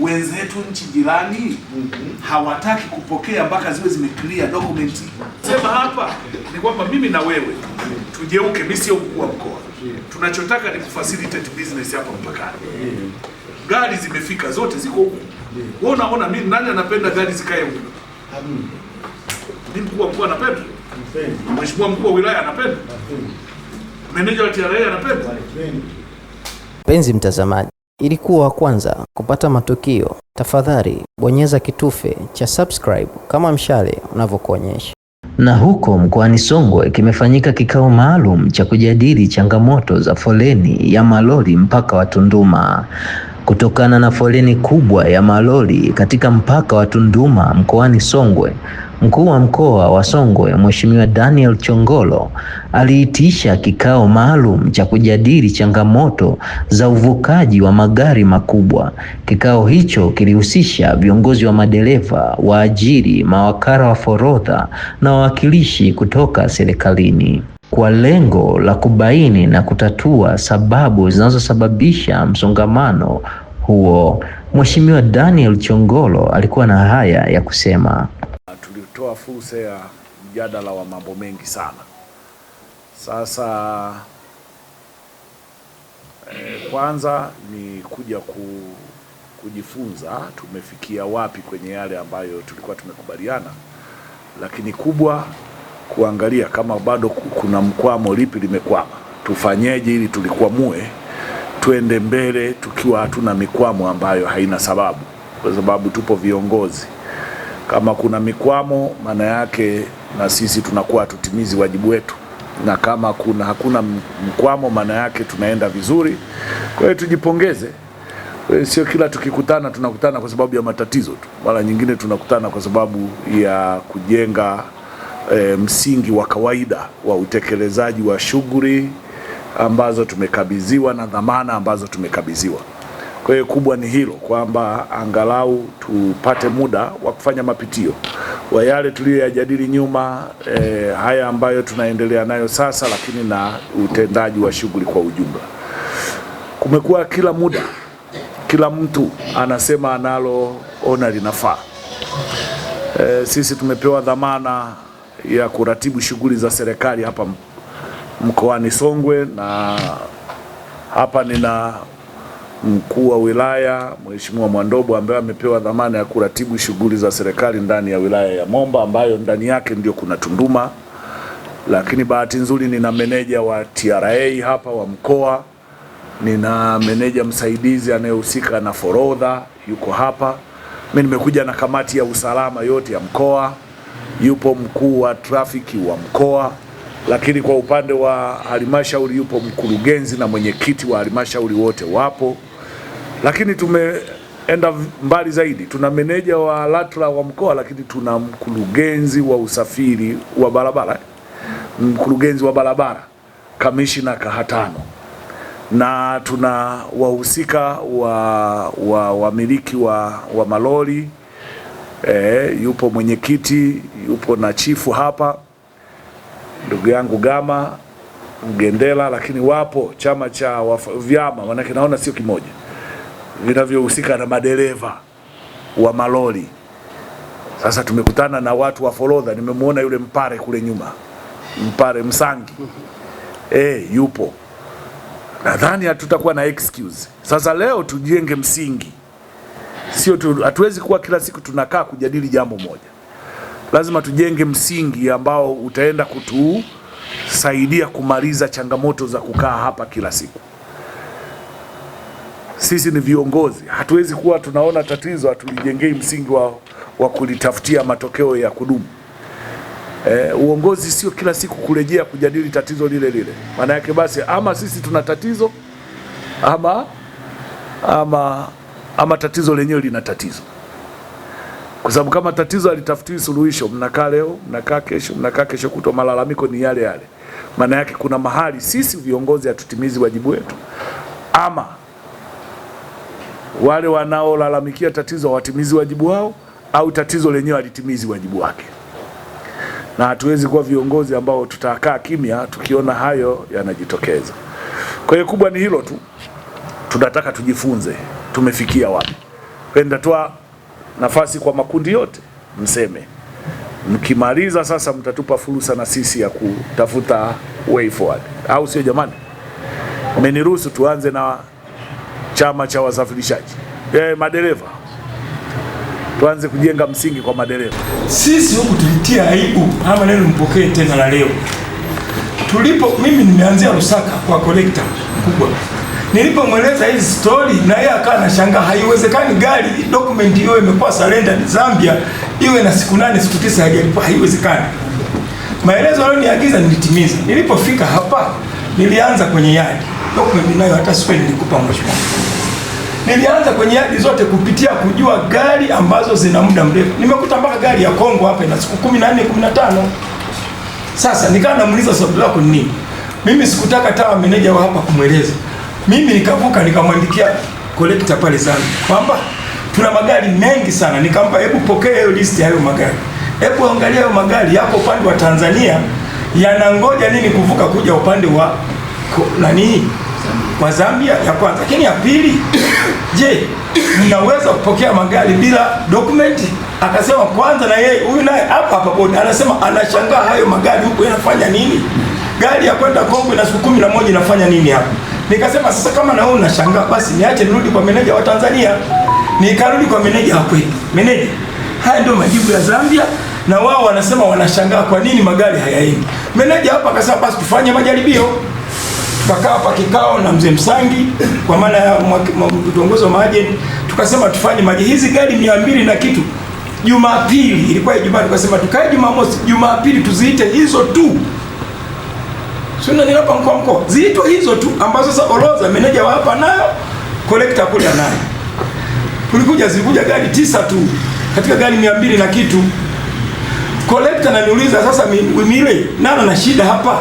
wenzetu nchi jirani hawataki kupokea mpaka ziwe clear document. Sema hapa ni kwamba mimi na wewe tujeuke, mimi sio mkuu wa mkoa, tunachotaka ni kufacilitate business hapa mpakani. Gari zimefika zote, ziko huko. Wewe unaona mimi, nani anapenda gari zikae huko? Ni mkuu wa mkoa anapenda, mheshimiwa mkuu wa wilaya anapenda, meneja wa TRA anapenda. penzi mtazamaji ili kuwa wa kwanza kupata matukio, tafadhali bonyeza kitufe cha subscribe kama mshale unavyokuonyesha. Na huko mkoani Songwe kimefanyika kikao maalum cha kujadili changamoto za foleni ya malori mpaka wa Tunduma kutokana na foleni kubwa ya malori katika mpaka wa Tunduma mkoani Songwe. Mkuu wa mkoa wa Songwe Mheshimiwa Daniel Chongolo aliitisha kikao maalum cha kujadili changamoto za uvukaji wa magari makubwa. Kikao hicho kilihusisha viongozi wa madereva, waajiri, mawakala wa forodha na wawakilishi kutoka serikalini kwa lengo la kubaini na kutatua sababu zinazosababisha msongamano huo. Mheshimiwa Daniel Chongolo alikuwa na haya ya kusema. Tulitoa fursa ya mjadala wa mambo mengi sana. Sasa eh, kwanza ni kuja ku, kujifunza tumefikia wapi kwenye yale ambayo tulikuwa tumekubaliana, lakini kubwa kuangalia kama bado kuna mkwamo, lipi limekwama, tufanyeje ili tulikwamue, tuende mbele tukiwa hatuna mikwamo ambayo haina sababu, kwa sababu tupo viongozi. Kama kuna mikwamo, maana yake na sisi tunakuwa hatutimizi wajibu wetu, na kama kuna hakuna mkwamo, maana yake tunaenda vizuri. Kwa hiyo tujipongeze. Eh, sio kila tukikutana tunakutana kwa sababu ya matatizo tu, mara nyingine tunakutana kwa sababu ya kujenga e, msingi wa kawaida wa utekelezaji wa shughuli ambazo tumekabidhiwa na dhamana ambazo tumekabidhiwa. Kwa hiyo kubwa ni hilo kwamba angalau tupate muda wa kufanya mapitio wa yale tuliyoyajadili nyuma, e, haya ambayo tunaendelea nayo sasa, lakini na utendaji wa shughuli kwa ujumla. Kumekuwa kila muda, kila mtu anasema analoona linafaa. E, sisi tumepewa dhamana ya kuratibu shughuli za serikali hapa mkoani Songwe, na hapa nina mkuu wa wilaya Mheshimiwa Mwandobo ambaye amepewa dhamana ya kuratibu shughuli za serikali ndani ya wilaya ya Momba ambayo ndani yake ndio kuna Tunduma, lakini bahati nzuri nina meneja wa TRA hapa wa mkoa, nina meneja msaidizi anayehusika na forodha yuko hapa. Mimi nimekuja na kamati ya usalama yote ya mkoa yupo mkuu wa trafiki wa mkoa, lakini kwa upande wa halmashauri yupo mkurugenzi na mwenyekiti wa halmashauri wote wapo, lakini tumeenda mbali zaidi, tuna meneja wa LATRA wa mkoa, lakini tuna mkurugenzi wa usafiri wa barabara, mkurugenzi wa barabara, kamishina Kahatano na tuna wahusika wa wamiliki wa, wa, wa malori e, yupo mwenyekiti, yupo na chifu hapa, ndugu yangu Gama Mgendela, lakini wapo chama cha vyama, manake naona sio kimoja, vinavyohusika na madereva wa malori. Sasa tumekutana na watu wa forodha, nimemwona yule Mpare kule nyuma, Mpare Msangi e, yupo. Nadhani hatutakuwa na excuse. Sasa leo tujenge msingi sio tu, hatuwezi kuwa kila siku tunakaa kujadili jambo moja. Lazima tujenge msingi ambao utaenda kutusaidia kumaliza changamoto za kukaa hapa kila siku. Sisi ni viongozi, hatuwezi kuwa tunaona tatizo hatulijengei msingi wa, wa kulitafutia matokeo ya kudumu. E, uongozi sio kila siku kurejea kujadili tatizo lile lile. Maana yake basi ama sisi tuna tatizo ama ama ama tatizo lenyewe lina tatizo? Kwa sababu kama tatizo halitafutiwi suluhisho, mnakaa leo, mnakaa kesho, mnakaa kesho kutwa, malalamiko ni yale yale. Maana yake kuna mahali sisi viongozi hatutimizi wajibu wetu, ama wale wanaolalamikia tatizo hawatimizi wajibu wao, au tatizo lenyewe halitimizi wajibu wake. Na hatuwezi kuwa viongozi ambao tutakaa kimya tukiona hayo yanajitokeza. Kwa hiyo kubwa ni hilo tu, tunataka tujifunze tumefikia wapi. Nitatoa nafasi kwa makundi yote mseme, mkimaliza sasa mtatupa fursa na sisi ya kutafuta way forward, au sio? Jamani, mmeniruhusu tuanze na chama cha wasafirishaji eh, madereva tuanze kujenga msingi kwa madereva. Sisi huku tulitia aibu, ama neno mpokee tena la leo tulipo. Mimi nimeanzia Lusaka kwa kolekta kubwa Nilipomweleza hii story na yeye akawa anashangaa, haiwezekani gari document hiyo imekuwa surrender Zambia iwe na siku nane siku tisa haijalipa, haiwezekani. Maelezo aliyoniagiza nilitimiza. Nilipofika hapa nilianza kwenye yadi document nayo, hata sipe nilikupa mheshimiwa, nilianza kwenye yadi zote kupitia kujua gari ambazo zina muda mrefu. Nimekuta mpaka gari ya Kongo hapa ina siku 14 15. Sasa nikawa namuuliza swali lako ni nini? Mimi sikutaka tawa meneja wa hapa kumweleza mimi nikavuka nikamwandikia collector pale sana kwamba tuna magari mengi sana, nikampa hebu pokea hiyo list ya hayo magari, hebu angalia hayo magari yako upande wa Tanzania yanangoja nini kuvuka kuja upande wa nani kwa Zambia ya kwanza, lakini ya pili, je, ninaweza kupokea magari bila dokumenti? Akasema kwanza, na yeye huyu naye hapa hapa bodi anasema anashangaa hayo magari huko yanafanya nini. Gari ya kwenda Kongo na siku kumi na moja inafanya nini hapa? Nikasema sasa, kama na wewe unashangaa, basi niache nirudi kwa meneja wa Tanzania. Nikarudi kwa meneja wa kwetu. Meneja, haya ndio majibu ya Zambia na wao wanasema wanashangaa kwa nini magari hayaendi. Meneja hapa akasema basi tufanye majaribio. Tukakaa hapa kikao na mzee Msangi kwa maana ya viongozi wa maajenti, tukasema tufanye maji hizi gari mia mbili na kitu. Jumapili ilikuwa Ijumaa, tukasema tukae Jumamosi, Jumapili tuziite hizo tu si kwa Mkoa mkoa ziitwe hizo tu ambazo sasa oroza meneja wapa nayo collector kule nayo. Kulikuja zilikuja gari tisa tu katika gari mia mbili na kitu. Collector ananiuliza sasa, mimi nana na shida hapa?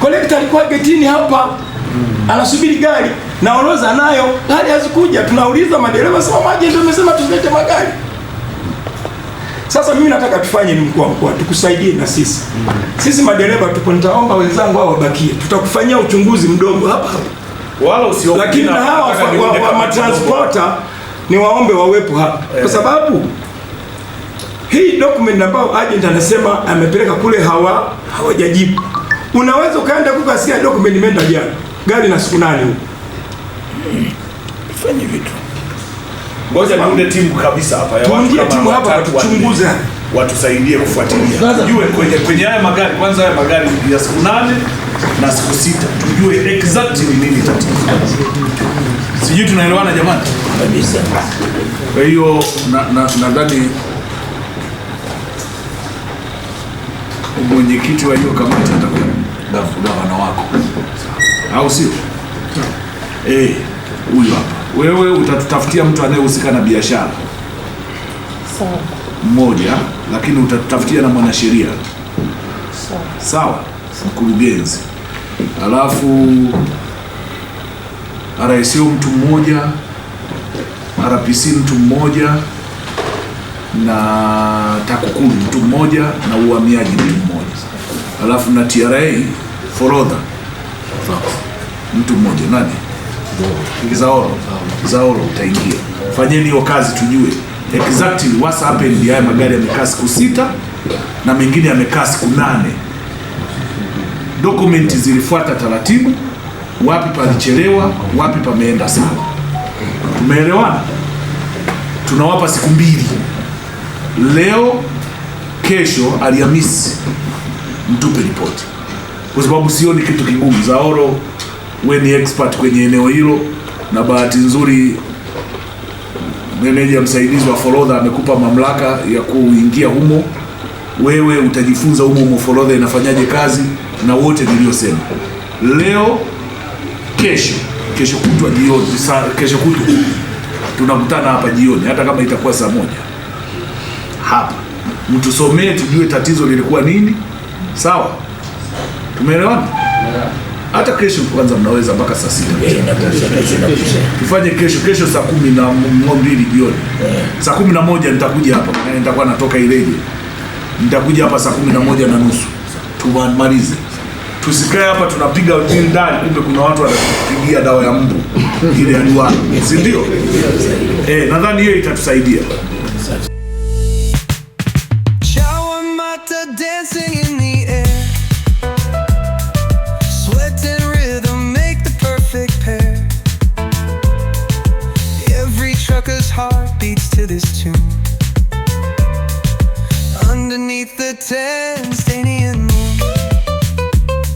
Kolekta alikuwa getini hapa anasubiri gari na oroza nayo, gari hazikuja. Tunauliza madereva, sema maji ndio amesema tusilete magari. Sasa mimi nataka tufanye, ni mkoa mkoa tukusaidie na sisi sisi madereva tupo, nitaomba wenzangu hao wabakie, tutakufanyia uchunguzi mdogo hapa hapa, wala usio. Lakini na hawa wa matransporta ni waombe wawepo hapa kwa eh. sababu hii document ambayo agent anasema amepeleka kule hawa hawajajibu. Unaweza ukaenda kukasikia document imeenda jana, gari na siku nane huko fanye vitu Ngoja niunde timu kabisa hapa ya watu kama timu hapa wachunguze watusaidie kufuatilia. Tujue kwenye kwenye haya magari kwanza haya magari ya siku nane na siku sita. Tujue exactly nini tatizo. Sijui tunaelewana jamani? Kabisa. Kwa hiyo nadhani na mwenyekiti wa hiyo kamati atakuwa gavana wako. Au sio? Eh, huyo hapa wewe utatutafutia mtu anayehusika na biashara mmoja, lakini utatutafutia na mwanasheria sawa, mkurugenzi, alafu RSO mtu mmoja, RPC mtu mmoja, na TAKUKURU mtu mmoja, na uhamiaji mtu mmoja, alafu na TRA forodha mtu mmoja nani Kizaoro, Kizaoro utaingia. Fanyeni hiyo kazi tujue exactly what's happened. Haya magari yamekaa siku sita na mengine yamekaa siku nane. Dokumenti zilifuata taratibu, wapi palichelewa, wapi pameenda sana. Tumeelewana, tunawapa siku mbili, leo, kesho Alhamisi mtupe ripoti, kwa sababu sioni kitu kigumu Zaoro we ni expert kwenye eneo hilo, na bahati nzuri meneja msaidizi wa forodha amekupa mamlaka ya kuingia humo. Wewe utajifunza humo humo forodha inafanyaje kazi na wote niliyosema leo, kesho, kesho kutwa jioni, kesho kutwa tunakutana hapa jioni, hata kama itakuwa saa moja hapa, mtusomee tujue tatizo lilikuwa nini. Sawa, tumeelewana? hata kesho kwanza mnaweza mpaka eh, saa sita tufanye kesho, kesho saa kumi na mbili jioni eh. saa kumi na moja nitakuja hapa, nitakuwa natoka Ileje, nitakuja hapa saa kumi na moja na nusu tumalize. Tusikae hapa tunapiga ndani, kumbe kuna watu wanapigia dawa ya mbu ile ya duara, si ndio? Eh, nadhani hiyo itatusaidia.